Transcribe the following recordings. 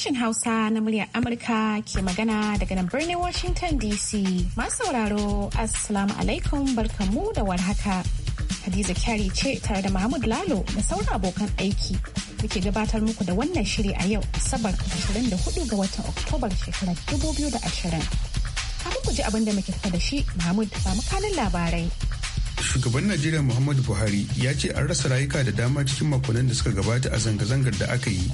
Sashen Hausa na muryar Amurka ke magana daga nan birnin Washington DC. Masu sauraro, Assalamu alaikum barkamu da warhaka. Hadiza Kyari ce tare da Mahmud Lalo da sauran abokan aiki. Muke gabatar muku da wannan shiri a yau Asabar 24 ga watan Oktobar shekarar 2020. Kafin ku ji abin da muke tafa da shi, Mahmud ba mu kanin labarai. shugaban najeriya muhammadu buhari ya ce an rasa rayuka da dama cikin makonnin da suka gabata a zanga-zangar da aka yi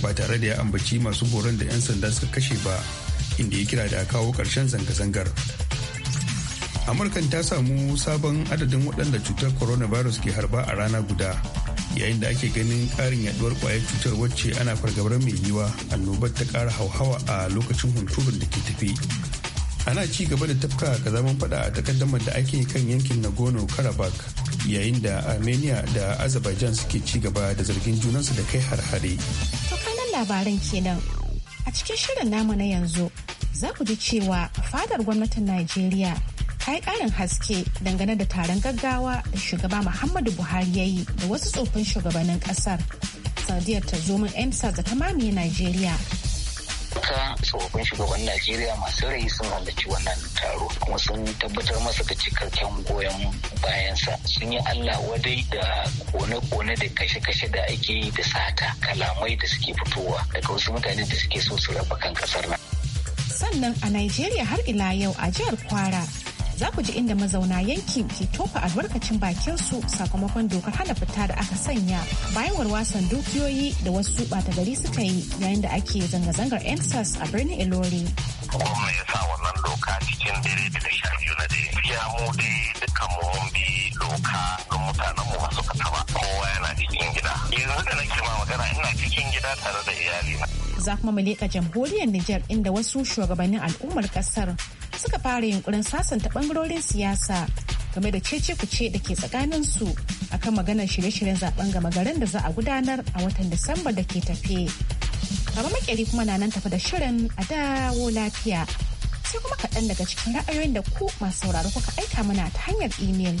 ba tare da ya ambaci masu boron da 'yan sanda suka kashe ba inda ya kira da a kawo ƙarshen zanga-zangar amurkan ta samu sabon adadin waɗanda cutar coronavirus ke harba a rana guda yayin da ake ganin ƙarin yaduwar kwayar cutar wacce ana fargabar mai yiwa annobar ta ƙara hauhawa a lokacin hunturun da ke tafi ana ci gaba da tafka ga zaman fada a takaddamar da ake kan yankin nagorno karabakh yayin da armenia da azerbaijan suke ci gaba da zargin junansu da kai har-hare kanan labaran kenan a cikin shirin namu na yanzu za ku ji cewa fadar gwamnatin najeriya ta yi ƙarin haske dangane da taron gaggawa da shugaba muhammadu buhari ya yi da wasu tsofin shugabannin ƙasar zo min emsa da ta mamaye najeriya haka tsofaffin shugaban najeriya masu rai sun halarci wannan taro kuma sun tabbatar masa da cikakken goyon bayansa sun yi allah wadai da kone-kone da kashe-kashe da ake yi da sata kalamai da suke fitowa daga wasu mutane da suke so su rabakan kan kasar nan sannan a najeriya har ila yau a jihar kwara za ku ji inda mazauna yankin ke tofa albarkacin bakin su sakamakon dokar hana fita da aka sanya bayan warwasan dukiyoyi da wasu bata gari suka yi yayin da ake zanga-zangar ensas a birnin ilori wannan tare da za kuma mu leƙa jamhuriyar Nijar inda wasu shugabannin al'ummar ƙasar suka fara yunkurin sasanta bangarorin siyasa game da cece kuce da ke tsakanin su akan maganar shirye-shiryen zaben gama garin da za a gudanar a watan Disamba da ke tafe. Baba makeri kuma na nan tafi da shirin a dawo lafiya. Sai kuma kaɗan daga cikin ra'ayoyin da ku masu sauraro kuka aika mana ta hanyar imel.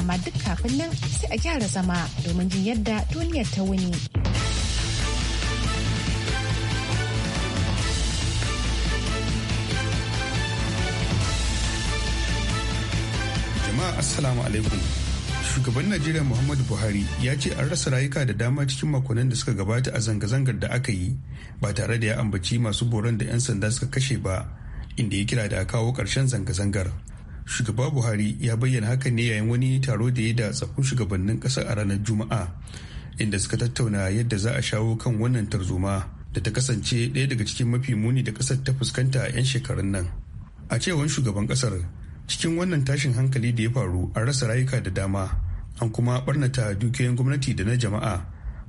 Amma duk kafin nan sai a gyara zama domin jin yadda duniyar ta wuni. jama'a assalamu alaikum shugaban najeriya muhammadu buhari ya ce an rasa rayuka da dama cikin makonnin da suka gabata a zanga-zangar da aka yi ba tare da ya ambaci masu boron da 'yan sanda suka kashe ba inda ya kira da kawo karshen zanga-zangar shugaba buhari ya bayyana hakan ne yayin wani taro da ya da tsakun shugabannin ƙasa a ranar juma'a inda suka tattauna yadda za a shawo kan wannan tarzoma da ta kasance ɗaya daga cikin mafi muni da ƙasar ta fuskanta a 'yan shekarun nan a cewar shugaban ƙasar cikin wannan tashin hankali da ya faru an rasa rayuka da dama an kuma barnata dukiyoyin gwamnati da na jama'a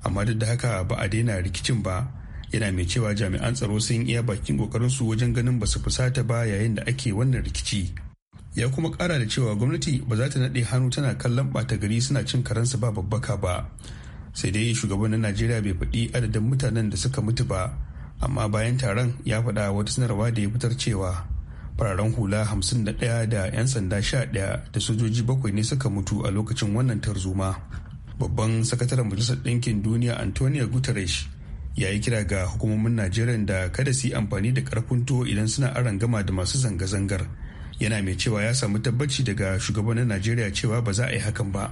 amma duk da haka ba a daina rikicin ba yana mai cewa jami'an tsaro sun iya bakin kokarin su wajen ganin ba su fusata ba yayin da ake wannan rikici ya kuma kara da cewa gwamnati ba za ta naɗe hannu tana kallon bata gari suna cin karansu ba babbaka ba sai dai shugaban na najeriya bai faɗi adadin mutanen da suka mutu ba amma bayan taron ya faɗa wata sanarwa da ya fitar cewa fararen hula 51 da 'yan sanda 11 da sojoji bakwai ne suka mutu a lokacin wannan tarzoma babban sakataren majalisar ɗinkin duniya antonio guterres ya yi kira ga hukumomin najeriya da kada su yi amfani da karfin tuwo idan suna aron gama da masu zanga-zangar yana mai cewa ya samu tabbaci daga shugabannin najeriya cewa ba za a yi hakan ba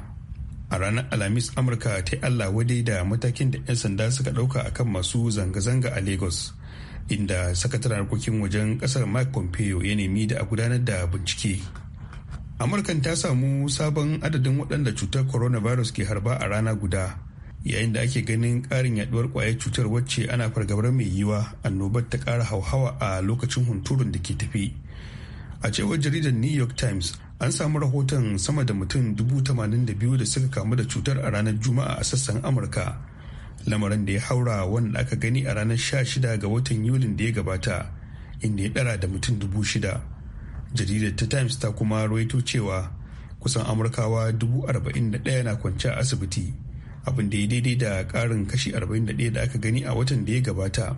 a ranar alhamis amurka ta yi allah wadai da matakin da 'yan sanda suka ɗauka akan masu zanga-zanga a lagos inda sakataren harkokin wajen kasar mike pompeo ya nemi da a gudanar da bincike amurkan ta samu sabon adadin waɗanda cutar coronavirus ke harba a rana guda yayin da ake ganin ƙarin yaduwar ƙwayar cutar wacce ana fargabar mai yiwa annobar ta ƙara hauhawa a lokacin hunturun da ke tafi a cewar jaridar new york times an samu rahoton sama da mutum dubu tamanin da biyu da suka kamu da cutar a ranar juma'a a sassan amurka lamarin da ya haura wanda aka gani a ranar 16 ga watan yulin da ya gabata inda ya dara da mutum dubu shida jaridar ta times ta kuma rawaito cewa kusan amurkawa dubu arba'in da ɗaya na kwance a asibiti abin da ya daidai da ƙarin kashi arba'in da ɗaya da aka gani a watan da ya gabata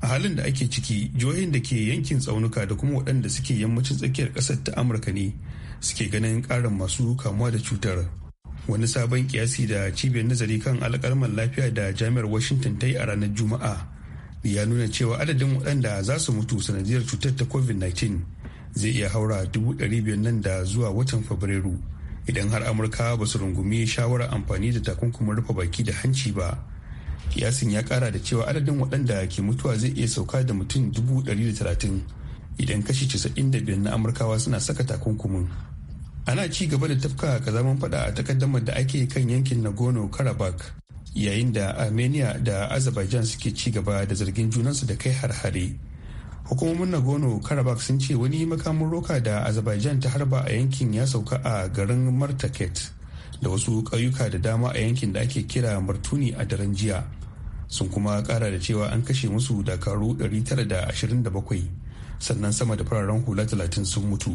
a halin da ake ciki jihohin da ke yankin tsaunuka da kuma waɗanda suke yammacin tsakiyar ƙasar ta amurka ne suke ganin ƙarin masu kamuwa da cutar wani sabon kiyasi da cibiyar nazari kan alkalman lafiya da jami'ar washington ta yi a ranar juma'a ya nuna cewa adadin waɗanda za su mutu sanadiyar cutar ta covid-19 zai iya haura dubu ɗari biyar nan da zuwa watan fabrairu idan har amurka ba su rungumi shawarar amfani da takunkumin rufe baki da hanci ba kiyasin ya kara da cewa adadin waɗanda ke mutuwa zai iya sauka da mutum dubu ɗari da talatin idan kashi casa'in da biyar na amurkawa suna saka takunkumin ana ci gaba da tafka zaman fada a takaddamar da ake kan yankin nagorno karabakh yayin da armenia da azerbaijan suke ci gaba da zargin junansu da kai har-hare hukumomin nagorno karabakh sun ce wani makamin roka da azerbaijan ta harba a yankin ya sauka a garin martaket da wasu ƙauyuka da dama a yankin da ake kira martuni a daren jiya sun kuma kara da cewa an kashe musu dakaru 927 sannan sama da fararen hula 30 sun mutu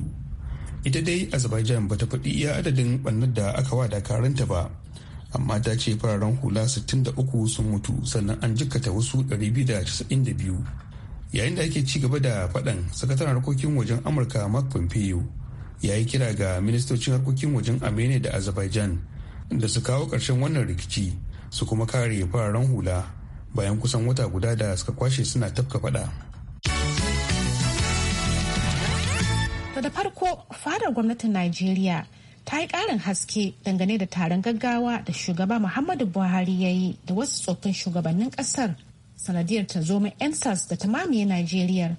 ita dai azerbaijan ba ta faɗi iya adadin ɓannar da aka wa dakaranta ba amma ta ce fararen hula 63 sun mutu sannan an jikkata wasu 292 yayin da ake ci gaba da faɗan sakataren harkokin wajen amurka mark pompeo ya yi kira ga ministocin harkokin wajen armenia da azerbaijan da su kawo ƙarshen wannan rikici su kuma kare fararen hula bayan kusan wata guda da suka kwashe suna tafka faɗa To da farko fadar gwamnatin Najeriya ta yi ƙarin haske dangane da taron gaggawa da shugaba Muhammadu Buhari ya yi da wasu tsoffin shugabannin ƙasar sanadiyar ta zo sas da ta mamaye Najeriya.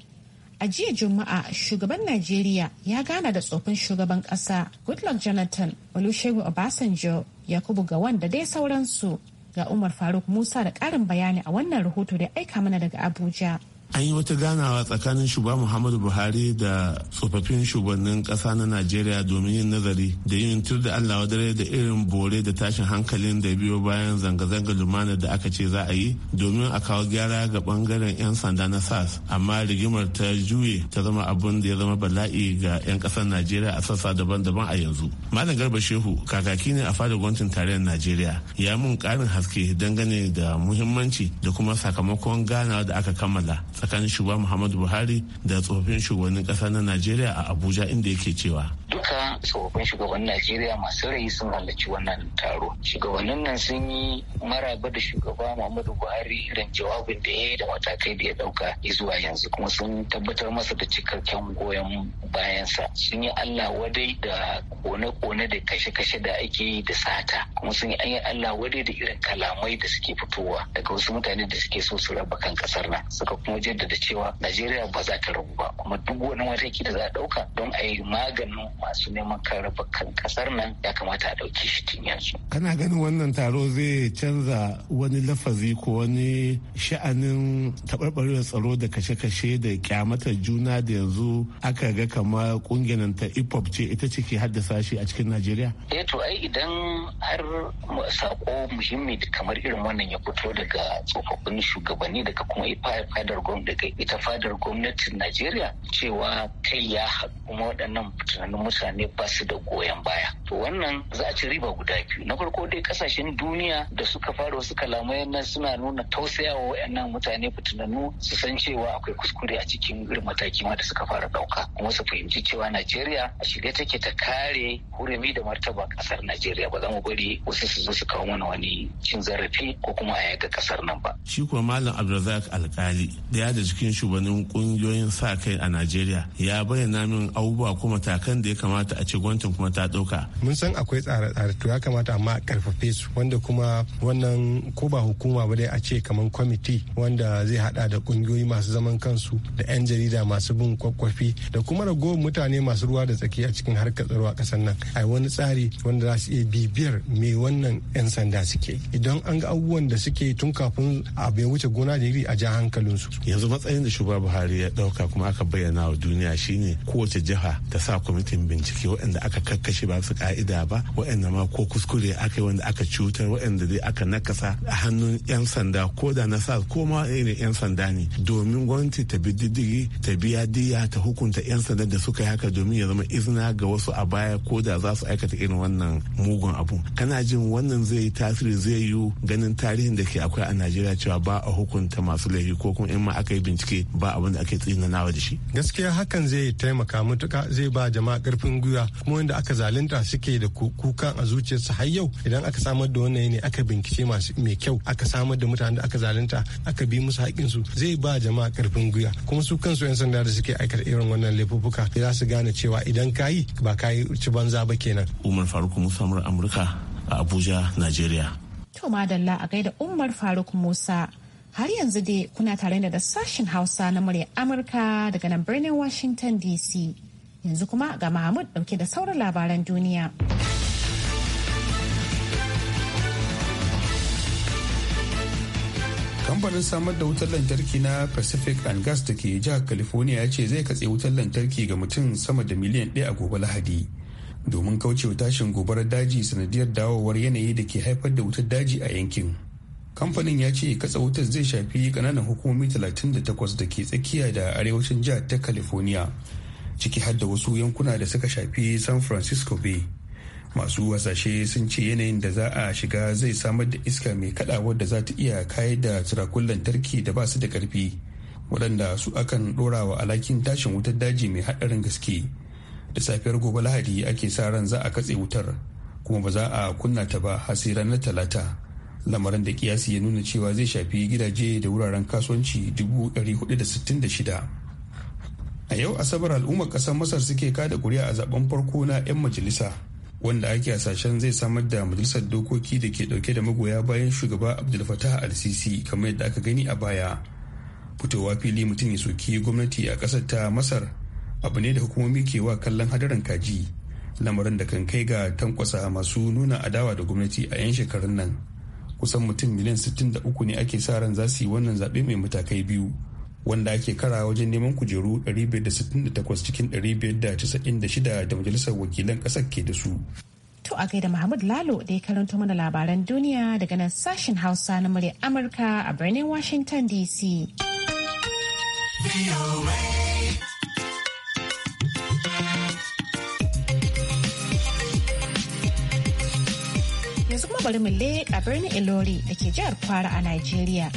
A jiya Juma'a shugaban Najeriya ya gana da tsofin shugaban ƙasa Goodluck Jonathan, Olusegun Obasanjo, Yakubu Gawan da dai sauransu. Ga Umar Faruk Musa da ƙarin bayani a wannan rahoto da aika mana daga Abuja. an yi wata ganawa tsakanin shugaba muhammadu buhari da tsofaffin shugabannin kasa na najeriya domin yin nazari da yin tur da allah wadare da irin bore da tashin hankalin da biyo bayan zanga-zanga lumana da aka ce za a yi domin a kawo gyara ga bangaren 'yan sanda na sas amma rigimar ta juye ta zama abin da ya zama bala'i ga 'yan kasar najeriya a sassa daban-daban a yanzu malam garba shehu kakaki ne a fadar gwamnatin tarayyar najeriya ya mun karin haske dangane da muhimmanci da kuma sakamakon ganawa da aka kammala tsakanin shugaba muhammadu buhari da tsofaffin shugabannin ƙasa na najeriya a abuja inda yake cewa haka tsofaffin shugaban najeriya masu rai sun halarci wannan taro shugabannin nan sun yi maraba da shugaba muhammadu buhari irin jawabin da ya yi da matakai da ya dauka zuwa yanzu kuma sun tabbatar masa da cikakken goyon bayansa sun yi allah wadai da kone-kone da kashe-kashe da ake yi da sata kuma sun yi allah wadai da irin kalamai da suke fitowa daga wasu mutane da suke so su raba kan kasar nan suka kuma jaddada cewa najeriya ba za ta rabu ba kuma duk wani mataki da za a dauka don a yi maganin masu su neman kan rufe kan kasar nan ya kamata a dauki shi tun yanzu. Kana ganin wannan taro zai canza wani lafazi ko wani sha'anin taɓarɓarewar tsaro da kashe-kashe da kyamatar juna da yanzu aka ga kamar ƙungiyar ta ipop e ce ita ce ke haddasa shi a cikin Najeriya? Eh to ai idan har sako muhimmi kamar irin wannan ya fito daga tsofaffin shugabanni daga kuma fadar gwamnati ita fadar gwamnatin Najeriya cewa kai ya haɗu kuma waɗannan tunanin mutane mutane ba su da goyon baya to wannan za a ci riba guda biyu na farko dai kasashen duniya da suka fara wasu kalamai na suna nuna tausayawa wayannan mutane fitinannu su san cewa akwai kuskure a cikin irin mataki ma da suka fara dauka kuma su fahimci cewa Najeriya a shirye take ta kare hurumi da martaba kasar Najeriya ba za mu bari wasu su zo su kawo mana wani cin zarafi ko kuma a yaga kasar nan ba shi kuma malam Abdulrazak alkali daya da cikin shugabannin kungiyoyin sa kai a Najeriya ya bayyana min abubuwa kuma matakan da ya kamata kamata a ce gwamnatin kuma ta mun san akwai tsare-tsare to ya kamata amma a karfafe su wanda kuma wannan ko ba hukuma ba dai a ce kamar kwamiti wanda zai hada da kungiyoyi masu zaman kansu da 'yan jarida masu bin kwakwafi da kuma ragowar mutane masu ruwa da tsaki a cikin harkar tsaro a kasar nan a wani tsari wanda za su iya bibiyar me wannan 'yan sanda suke idan an ga abubuwan da suke tun kafin a bai wuce gona da iri a ja hankalinsu yanzu matsayin da shugaba buhari ya dauka kuma aka bayyana wa duniya shine kowace jiha ta sa kwamitin bincike bincike waɗanda aka kakkashe ba su ka'ida ba waɗanda ma ko kuskure aka yi wanda aka cutar waɗanda dai aka nakasa a hannun 'yan sanda ko da na sa ko ma irin 'yan sanda ne domin gwamnati ta bi diddigi ta biya diya ta hukunta 'yan sanda da suka yi haka domin ya zama izina ga wasu a baya ko da za su aikata irin wannan mugun abu kana jin wannan zai yi tasiri zai yi ganin tarihin da ke akwai a najeriya cewa ba a hukunta masu laifi ko kuma in ma aka yi bincike ba abin da ake tsinanawa da shi gaskiya hakan zai taimaka matuka zai ba jama'a karfin gwiwa kuma wanda aka zalunta suke da kukan a zuciyarsu har yau idan aka samar da wannan ne aka bincike masu mai kyau aka samar da mutanen da aka zalunta aka bi musu su zai ba jama'a karfin gwiwa kuma su kansu 'yan sanda da suke aikata irin wannan laifuffuka za su gane cewa idan kayi ba ka ci banza ba kenan. Umar Faruk Musa Amurka a Abuja, Najeriya. To madalla a gaida Umar Faruk Musa har yanzu dai kuna tare da sashen Hausa na murya Amurka daga nan birnin Washington DC. Yanzu kuma ga Mahmud dauke da sauran labaran duniya. kamfanin samar da wutar lantarki na pacific and gas da ke jihar california ya ce zai katse wutar lantarki ga mutum sama da miliyan ɗaya a gobe lahadi domin kaucewa tashin gobarar daji sanadiyar dawowar yanayi da ke haifar da wutar daji a yankin kamfanin ya ce katsa wutar zai shafi kananan hukumomi 38 da ke tsakiya da arewacin jihar ta california ciki har da wasu yankuna da suka shafi san francisco bay masu hasashe sun ce yanayin da za a shiga zai samar da iska mai kaɗawa da za ta iya kayar da turakun lantarki da ba su da karfi waɗanda su akan ɗorawa alakin tashin wutar daji mai haɗarin gaske da safiyar gobe lahadi ake sa ran za a katse wutar kuma ba za a kunna ta ba har sai ranar talata lamarin da kiyasi ya nuna cewa zai shafi gidaje da wuraren kasuwanci 466 a yau asabar al'ummar kasar masar suke kada kuri'a a zaben farko na 'yan majalisa wanda ake hasashen zai samar da majalisar dokoki da ke dauke da magoya bayan shugaba abdul fatah al-sisi kamar yadda aka gani a baya fitowa fili mutum ya soki gwamnati a kasar ta masar abu ne da hukumomi ke wa kallon hadarin kaji lamarin da kan kai ga tankwasa masu nuna adawa da gwamnati a 'yan shekarun nan kusan mutum miliyan 63 ne ake sa ran za su yi wannan zaɓe mai matakai biyu wanda ake kara wajen neman kujeru 568 cikin 596 da majalisar wakilan ƙasar ke da su. To a gaida Muhammad Lalo da ya karanto mana labaran duniya daga nan sashen Hausa na murya Amurka a birnin Washington DC. Yanzu kuma bari mu leƙa birnin Ilori da ke jihar Kwara a Najeriya.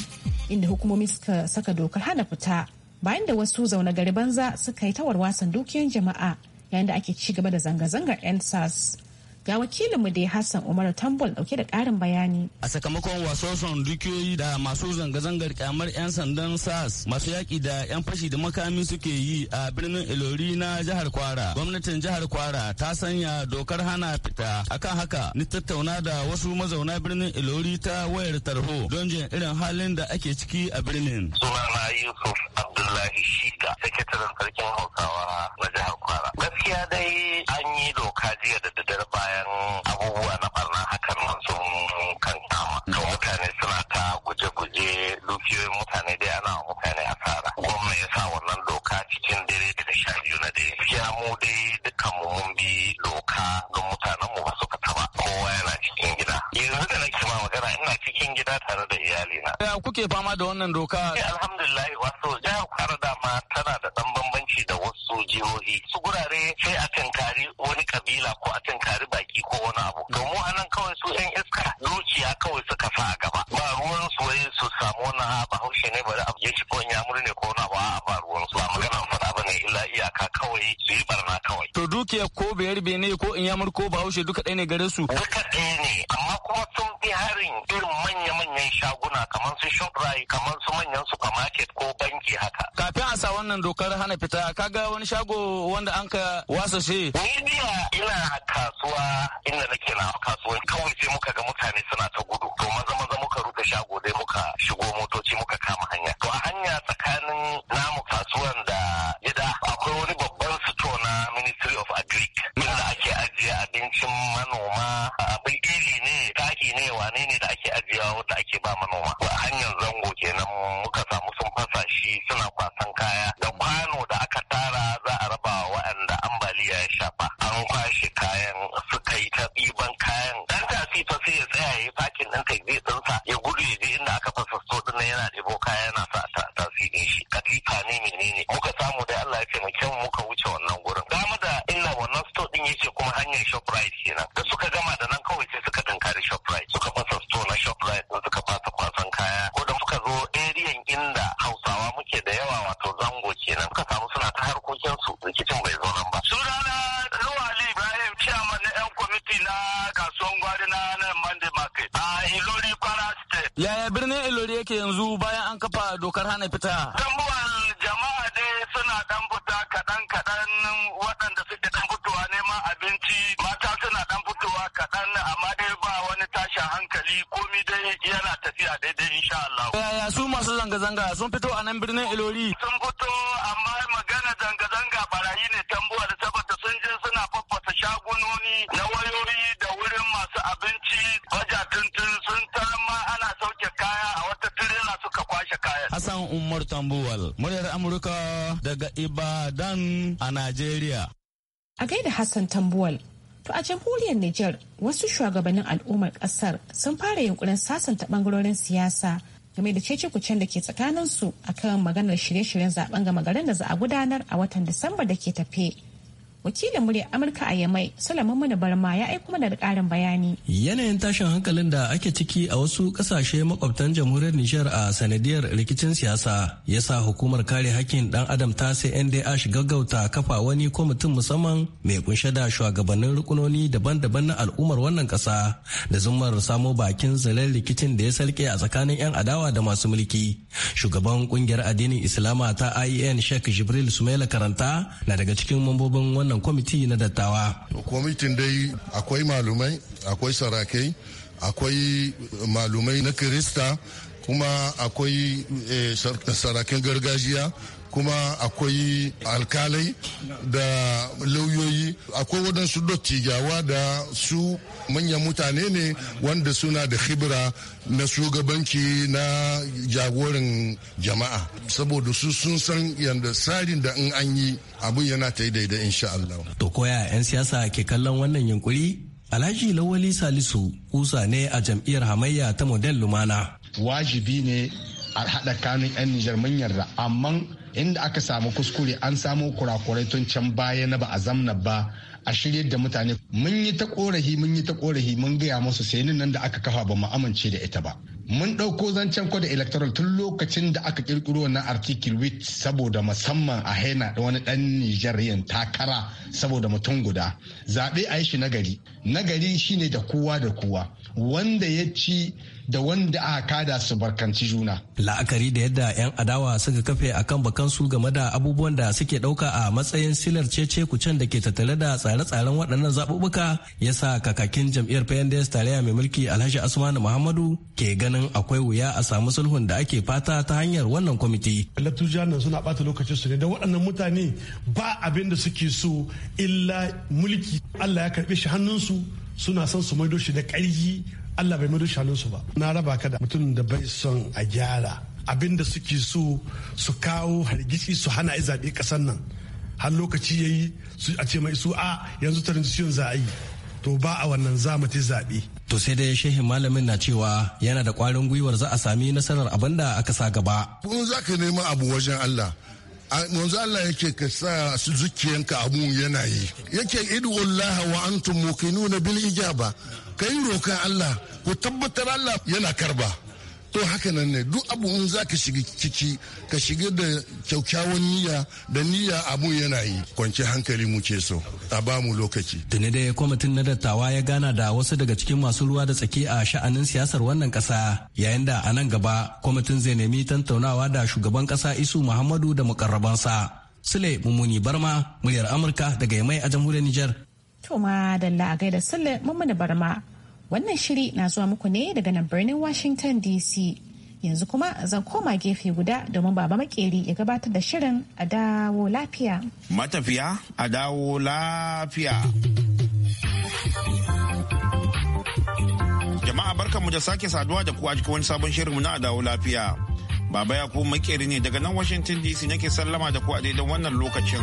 inda hukumomi suka saka dokar hana fita bayan da wasu zaune gari banza suka yi tawar wasan dukiyan jama'a yayin da ake ci gaba da zanga-zangar 'yan sas ga mu da hassan umaru tambol dauke da karin bayani a sakamakon wasoson dukiyoyi da masu zanga-zangar kyamar 'yan sandan sas masu yaki da 'yan fashi da makami suke yi a birnin ilori na jihar kwara gwamnatin jihar kwara ta sanya dokar hana fita akan haka ni tattauna da wasu mazauna birnin ilori ta wayar tarho don jin irin halin da ake ciki a birnin sunana yusuf abdullahi shida sakataren sarkin hausawa na jihar kwara gaskiya dai jiya da daddare bayan abubuwa na barna hakan nan sun kan kama mm. mutane suna ta guje-guje dukiyoyin mutane dai ana mutane asara gwamna ya sa wannan doka cikin dare da sha biyu na dare ya mu dai dukkan mu mun bi doka don mutanen mu ba su fita ba kowa yana cikin gida yanzu da nake ma magana ina cikin gida tare da iyalina ya kuke fama da wannan doka eh, alhamdulillah ne gare su duka ɗaya ne amma kuma sun fi harin irin manya-manyan shaguna kamar su shoprite kamar su manyan supermarket ko banki haka kafin a sa wannan dokar hana fita ka ga wani shago wanda an ka wasa shi ni ina kasuwa inda nake na kasuwa kawai sai muka ga mutane suna ta gudu kasuwan gwari na nan Monday Market. A Ilori Kwara State. Yaya birnin Ilori yake yanzu bayan an kafa dokar hana fita? Tambuwan jama'a ne suna dan fita kaɗan-kaɗan waɗanda suke dan fitowa neman abinci mata suna dan fitowa kaɗan amma dai ba wani tashin hankali komi dai yana tafiya daidai insha Allah. Yaya su masu zanga-zanga sun fito a nan birnin Ilori? Sun fito amma magana zanga-zanga barayi ne tambuwar saboda sun je suna faffasa shagunoni na ci baja tuntun sun ma ana sauke kaya a wata tirela suka kwashe kayan. Hassan Umar Tambuwal, muryar Amurka daga Ibadan a Najeriya. A gaida Hassan Tambuwal, to a jamhuriyar Nijar wasu shugabannin al'ummar kasar sun fara yunkurin sasanta bangarorin siyasa game da cece-kucen da ke tsakaninsu akan maganar shirye-shiryen zaben gama garin da za a gudanar a watan Disamba da ke tafe. wakilin muryar amurka a yamai salamun mana barma ya aiko mana da karin bayani yanayin tashin hankalin da ake ciki a wasu kasashe makwabtan jamhuriyar nijar a sanadiyar rikicin siyasa ya sa hukumar kare hakkin dan adam ta sai cndh gaggauta kafa wani kwamitin musamman mai kunshe da shugabannin rukunoni daban-daban na al'ummar wannan kasa da zumar samo bakin zalar rikicin da ya salke a tsakanin 'yan adawa da masu mulki shugaban kungiyar addinin islama ta ien sheikh jibril sumaila karanta na daga cikin mambobin wannan wannan kwamiti na dattawa. Kwamitin dai akwai malumai, akwai sarakai, akwai malumai na Kirista, kuma akwai eh, sarakin gargajiya kuma akwai alkalai da lauyoyi akwai waɗansu dottijawa da su manyan mutane ne wanda suna da hibira na shugabanci na jagoran jama'a saboda su sun san yadda tsarin da in an yi abin yana ta yi daidai insha Allah. To koya 'yan siyasa ke kallon wannan yunkuri? Alhaji Lawali Salisu kusa ne a jam'iyyar hamayya ta model Lumana. Wajibi ne a haɗa kanun 'yan Nijar manyan amma inda aka samu kuskure an samu kurakurai tun can baya na ba a zamna ba a shirye da mutane mun yi ta korahi mun yi ta korahi mun gaya musu sai nan da aka kafa ba mu amince da ita ba mun ɗauko zancen kwada electoral tun lokacin da aka kirkiro na article with saboda musamman a haina da wani ɗan nijeriyan takara saboda mutum guda zaɓe a yi shi nagari nagari shine da kowa da kowa wanda ya ci da wanda aka kada su barkanci juna. La'akari da yadda 'yan adawa suka kafe a kan bakansu game da abubuwan da suke ɗauka a matsayin silar cece kucen da ke tattale da tsare-tsaren waɗannan zaɓuɓɓuka ya sa kakakin jam'iyyar PNDS tarayya mai mulki Alhaji Asman Muhammadu ke ganin akwai wuya a samu sulhun da ake fata ta hanyar wannan kwamiti. jihar nan suna bata lokacin su ne da waɗannan mutane ba abin da suke so illa mulki Allah ya karɓe shi hannunsu suna son su maido shi da ƙarfi Allah bai mudu su ba na raba ka da mutum da bai son a gyara abin da suke so su kawo hargitsi su hana a zaɓe ƙasar nan har lokaci ya yi a ce mai su a yanzu transition za a yi to ba a wannan zamati zaɓe. To sai dai shehin malamin na cewa yana da ƙwarin gwiwar za a sami nasarar abin da aka sa gaba. Kun za ka neman abu wajen Allah. Yanzu Allah yake ka sa su zuciyanka abun yana yi. Yake idu Allah wa antum nuna bil ijaba. ka yi roƙon Allah ku tabbatar Allah yana karba to haka nan ne duk abu in za ka shiga ciki ka shiga da kyakkyawan niyya da niyya abu yana yi kwanci hankali muke so a ba mu lokaci tuni dai kwamitin na dattawa ya gana da wasu daga cikin masu ruwa da tsaki a sha'anin siyasar wannan kasa yayin da a nan gaba kwamitin zai nemi tantaunawa da shugaban kasa isu muhammadu da mukarrabansa sule mummuni barma muryar amurka daga yamai a jamhuriyar nijar. To ma dalla a gaida sallar Mummuna Barma. Wannan shiri na zuwa muku ne daga nan birnin Washington DC. Yanzu kuma zan koma gefe guda domin baba makeri ya gabatar da shirin a dawo lafiya. Matafiya a dawo lafiya. Jama'a barkanmu da sake saduwa da ku a cikin wani sabon shirinmu na a dawo lafiya. Baba ya ku makeri ne daga nan Washington DC nake sallama da ku a daidan wannan lokacin.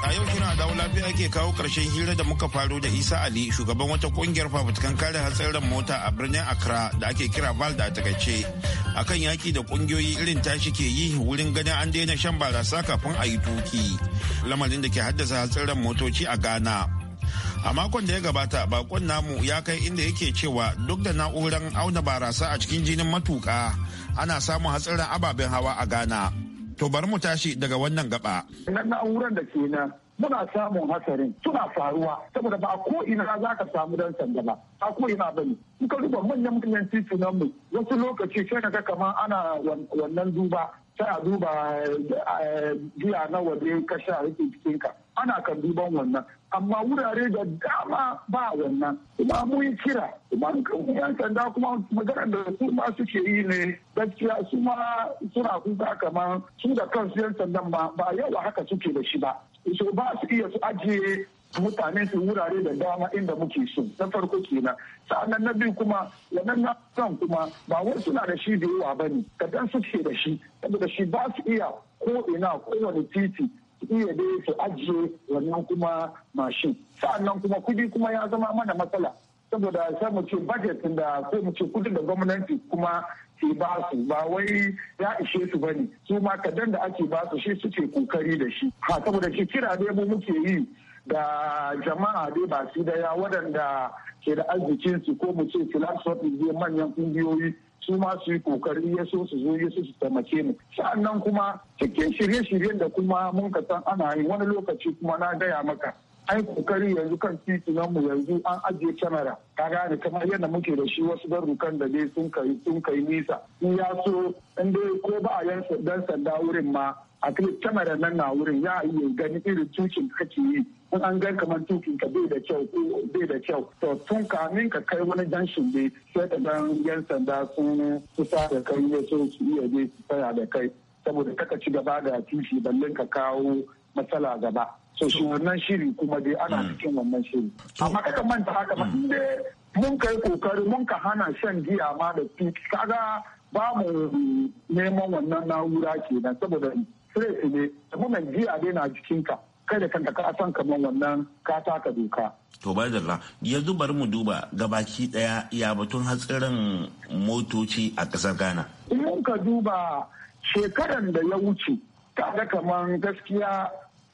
A yau shirin dawo lafiya ake kawo ƙarshen hira da muka faro da Isa Ali shugaban wata kungiyar fafutukan kare hatsarin mota a birnin Accra da ake kira Val da takaice kan yaki da kungiyoyi irin tashi ke yi wurin ganin an daina shan barasa kafin a yi tuki. Lamarin da ke haddasa hatsarin motoci a Ghana. A makon da ya gabata bakon namu ya kai inda yake cewa duk da na'urar auna barasa a cikin jinin matuka ana samun hatsarin ababen hawa a Ghana. To bari mu tashi daga wannan gaba. Nan na'urar da ke nan muna samun hatsarin suna faruwa saboda ba a ko ina za ka samu dan sanda ba a ko ina ba ne in ka duba manyan manyan titunan mu wasu lokaci sai ka kamar ana wannan duba sai a duba giya eh, eh, na waje ka sha rike cikin ka ana kan duban wannan amma wurare da dama ba wannan kuma mun kira kuma kan yan sanda kuma magana da su ma suke yi ne gaskiya su ma suna kuka kamar su da kansu yan sandan ba ba yawa haka suke da shi ba so ba su iya su ajiye mutane su wurare da dama inda muke so na farko kenan sa'annan na biyu kuma wannan na son kuma ba wai suna da shi da yawa bane kadan suke da shi saboda shi ba su iya ko ina kowane titi iya dai su ajiye wannan kuma mashin sa'annan kuma kudi kuma ya zama mana matsala saboda sai mu ce budget da ko mu ce kudi da gwamnati kuma ke ba su ba wai ya ishe su bane su ma kadan da ake ba su shi suke kokari da shi ha saboda shi kira dai mu muke yi da jama'a dai ba su da ya waɗanda ke da arzikin su ko mu ce philanthropy manyan kungiyoyi su ma su yi kokari ya so su zo ya so su taimake mu sa'annan kuma cikin shirye-shiryen da kuma mun ka san ana yi wani lokaci kuma na gaya maka ai kokari yanzu kan titunan mu yanzu an ajiye kyamara ka gane kamar yadda muke da shi wasu garurukan da dai sun kai nisa in ya so in dai ko ba a yan dan sanda wurin ma a kuma kyamara nan na wurin ya iya gani irin tukin da kake yi in an gan kamar tukin ka bai da kyau ko bai da kyau to tun kamin ka kai wani janshin dai sai ka dan yan sanda sun kusa da kai ya so su iya je su tsaya da kai saboda kaka ci gaba da tushe balle ka kawo matsala gaba so shi wannan shiri kuma dai ana mm. cikin wannan shiri amma kaka manta haka ba. ma mm. mun kai kokari mun ka hana shan giya ma da tuki kaga ba mu neman wannan na'ura kenan saboda stress ne kuma ji a na jikinka kai da kanta ka san kaman wannan ka taka doka to bai da yanzu bari mu duba gabaki daya ya batun hatsarin motoci a kasar Ghana in ka duba shekaran da ya wuce ga kaman gaskiya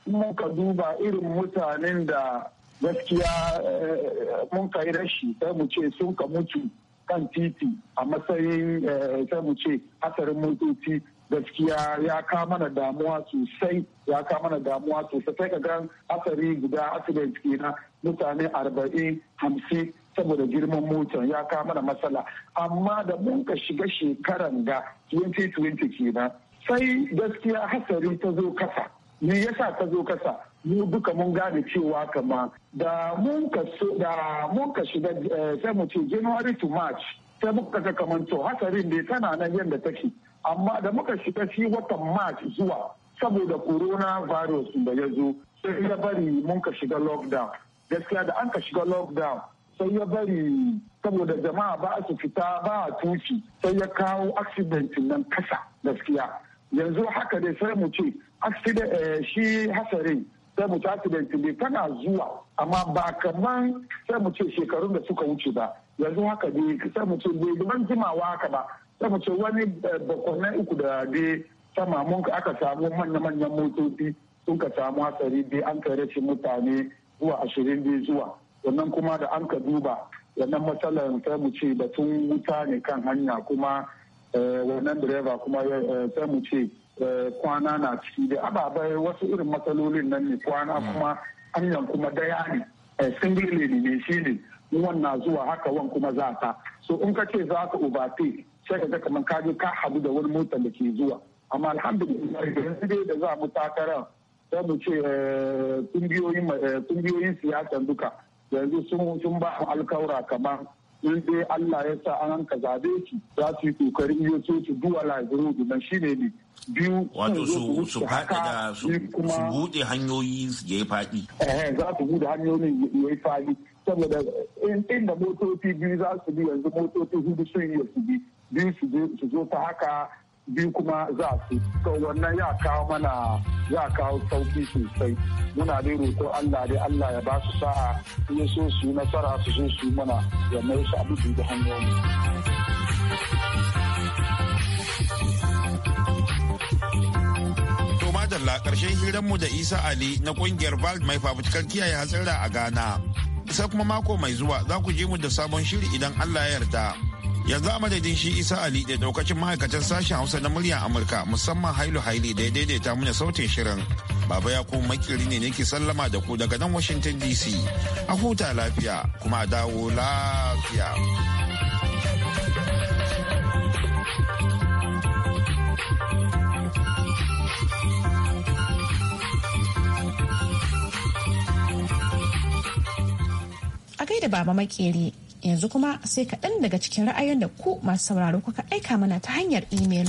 mun ka duba irin mutanen da gaskiya eh, mun kai rashi sai mu ce sun ka mutu kan titi a matsayin eh, sai mu ce hatsarin motoci gaskiya ya ka mana damuwa sosai ya ka mana damuwa sosai sai ka gan asari guda accident kenan mutane arba'in hamsin saboda girman motar ya ka mana matsala amma da mun ka shiga shekaran ga 2020 kenan sai gaskiya hasari ta zo kasa me yasa ta zo kasa mu duka mun gane cewa kama da mun ka so da mun ka shiga eh, sai mu ce January to March sai muka ga kamar to hasarin ne tana nan yadda take amma da muka shiga shi watan march zuwa saboda virus da ya zo sai ya bari mun ka shiga lockdown gaskiya da an ka shiga lockdown sai ya bari saboda jama'a ba su fita ba a tuci sai ya kawo accident nan kasa gaskiya yanzu haka dai sai mu ce eh, shi hasarin sai mu ci accident ne tana zuwa amma ba kaman sai mu ce shekarun da suka wuce ba yanzu haka dai sai mu ce bai ban jimawa haka ba sama ce wani eh, bakwai uku da dai sama mun aka samu manya-manyan motoci sun ka samu hatsari dai an ka rashin mutane zuwa ashirin dai zuwa sannan kuma da an ka duba wannan matsalar sai mu ce batun wuta ne kan hanya kuma eh, wannan direba kuma eh, sai mu ce kwana na ciki da ababai wasu irin matsalolin nan ne kwana hmm. kuma hanyar kuma daya ne single ne shi ne wannan zuwa haka wan kuma za ta so in ka ce za ka ubate sai ka ga kamar ka je ka hadu da wani motar da ke zuwa amma alhamdulillah yanzu da za mu takara sai mu ce eh, kungiyoyin eh, siyasar duka yanzu sun ba mu alkawura kamar in dai Allah ya sa an ka zabe shi za su yi kokarin yi so su duwa lajiro domin shi ne ne biyu wato su faɗi da su buɗe hanyoyi ya yi faɗi. Eh, za su buɗe hanyoyin ya yi faɗi saboda inda motoci biyu za su bi yanzu motoci hudu sun yi su bi biyu su zo ta haka biyu kuma za su to wannan ya kawo mana ya kawo sauki sosai muna dai roƙo Allah dai Allah ya ba su sa'a in so su nasara su so su mana ya mai su abu da hanyoyi. madalla ƙarshen hiranmu da isa ali na ƙungiyar vald mai fafutukar kiyaye hatsara a ghana sai kuma mako mai zuwa za ku je mu da sabon shiri idan Allah ya yarda. Yanzu a madadin shi Isa Ali da daukacin ma'aikatan sashen Hausa na muryar Amurka musamman Hailu Haili da ya daidaita mana sautin shirin. Baba ya kuma makiri ne nake sallama da ku daga nan Washington DC. A huta lafiya kuma a dawo lafiya. kai da baba makeri yanzu kuma sai kaɗan daga cikin ra'ayin da ku masu sauraro kuka aika mana ta hanyar imel.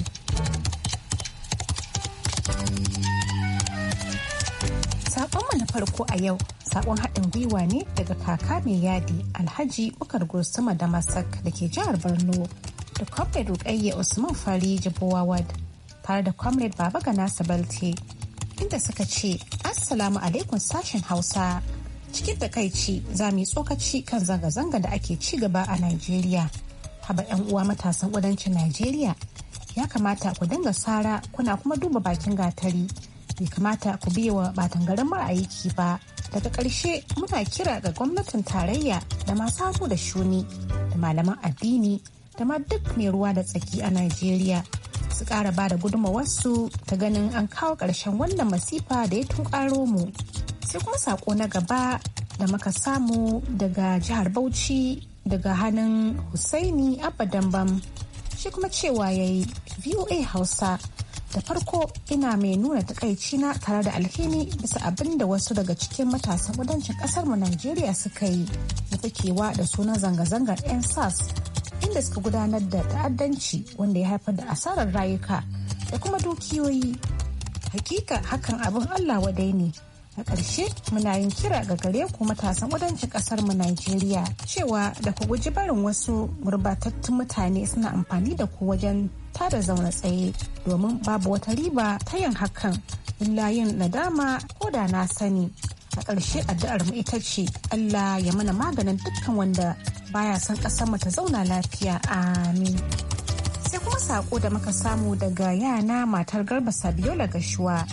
Saƙonmu na farko a yau saƙon haɗin gwiwa ne daga kaka mai yadi alhaji bukar gursuma da masak da ke jihar borno da comrade rukayya usman fari ward tare da comrade baba ga nasa balte inda suka ce assalamu alaikum sashen hausa cikin takaici za mu yi tsokaci kan zanga-zanga da ake ci gaba a Najeriya. Haba 'yan uwa matasan kudancin Najeriya ya kamata ku dinga sara kuna kuma duba bakin gatari. Bai kamata ku biya wa batan garin mara aiki ba. Daga ƙarshe muna kira ga gwamnatin tarayya da masu hannu da shuni da malaman addini da ma duk mai ruwa da tsaki a Najeriya su ƙara ba da gudunmawarsu ta ganin an kawo ƙarshen wannan masifa da ya tunkaro mu. sai kuma sako na gaba da muka samu daga jihar bauchi daga hannun husaini dambam shi kuma cewa ya voa hausa da farko ina mai nuna takaici na tare da alhini bisa abin da wasu daga cikin matasan kudancin kasarmu najeriya suka yi na fakewa da sunan zanga-zangar 'yan sas inda suka gudanar da ta'addanci wanda ya haifar da asarar rayuka da kuma dukiyoyi hakika hakan abin allah wadai ne a ƙarshe muna yin kira ga gare ku matasan kudancin ƙasar mu Najeriya cewa da ku guji barin wasu gurbatattun mutane suna amfani da ku wajen tada zaune tsaye domin babu wata riba ta yin hakan illa yin nadama ko da na sani a ƙarshe addu'ar mu ita ce Allah ya mana maganin dukkan wanda baya son ƙasar mu ta zauna lafiya amin sai kuma sako da muka samu daga yana matar garba sabiola gashuwa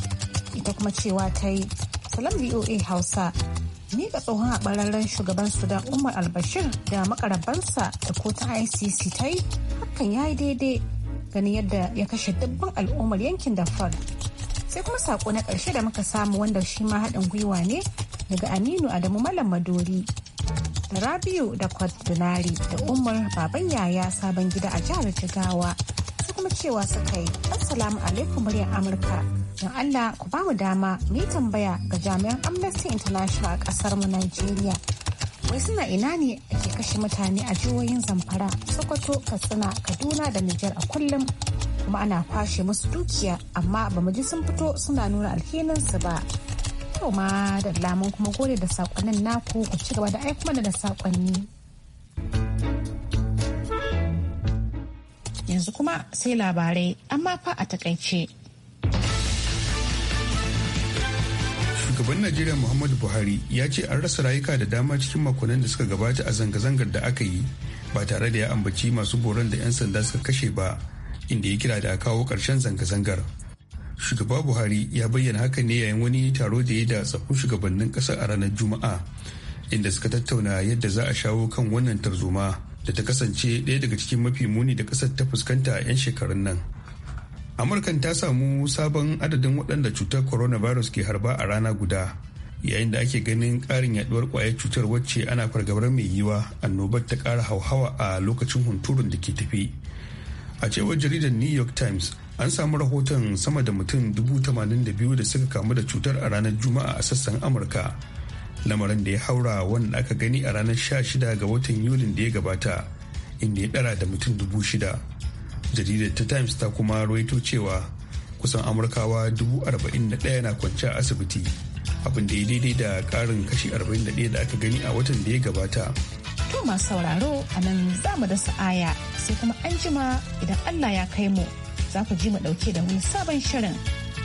ita kuma cewa ta yi salam VOA Hausa. miƙa tsohon haɓararren shugaban Sudan Umar Albashir da makarabansa da kotun ICC ta yi hakan ya yi daidai gani yadda ya kashe dubban al'ummar yankin Darfur. Sai kuma sako na ƙarshe da muka samu wanda shi ma haɗin gwiwa ne daga Aminu Adamu Malam Madori. Da Rabiu da Kwadunari da Umar Baban Yaya Sabon Gida a jihar Jigawa. sai kuma cewa suka yi Assalamu alaikum muryar Amurka. Don Allah ku ba mu dama mu yi tambaya ga jami'an Amnesty International a kasar mu Najeriya. Wai suna ina ne ake kashe mutane a jihohin Zamfara, Sokoto, Katsina, Kaduna da Nijar a kullum kuma ana kwashe musu dukiya amma ba mu ji sun fito suna nuna alhininsu ba. Yau ma da lamun kuma gode da sakonnin naku ku ci gaba da aiki mana da sakonni. Yanzu kuma sai labarai amma fa a takaice. shugaban najeriya muhammadu buhari ya ce an rasa rayuka da dama cikin makonnin da suka gabata a zanga-zangar da aka yi ba tare da ya ambaci masu boron da 'yan sanda suka kashe ba inda ya kira da a kawo karshen zanga-zangar shugaba buhari ya bayyana haka ne yayin wani taro da ya da tsakun shugabannin ƙasa a ranar juma'a inda suka tattauna yadda za a shawo kan wannan tarzoma da ta kasance ɗaya daga cikin mafi muni da ƙasar ta fuskanta a 'yan shekarun nan amurkan ta samu sabon adadin waɗanda cutar coronavirus ke harba a rana guda yayin da ake ganin ƙarin yaduwar ƙwayar cutar wacce ana fargabar mai yiwa annobar ta ƙara hauhawa a lokacin hunturun da ke tafi a cewar jaridar new york times an samu rahoton sama da mutum tamanin da suka kamu da cutar a ranar juma'a a sassan amurka lamarin da ya haura wanda aka gani a ranar 16 ga watan yulin da ya gabata inda ya dara da mutum dubu shida jaridar ta times ta kuma rawaito cewa kusan amurkawa 41 na kwanci a asibiti abin da ya daidai da karin kashi 41 da aka gani a watan da ya gabata to masu sauraro a nan za mu da sa'aya sai kuma an jima idan allah ya kai mu za ku ji mu dauke da wani sabon shirin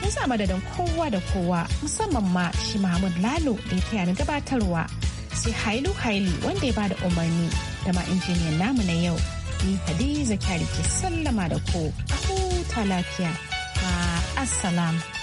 mun sa madadin kowa da kowa musamman ma shi Mahmud Lalo da ya taya gabatarwa sai Hailu Haili wanda ya bada umarni da ma injiniyan namu na yau. ni Hadiza Kyari ke sallama da ku. Huta lafiya. assalamu.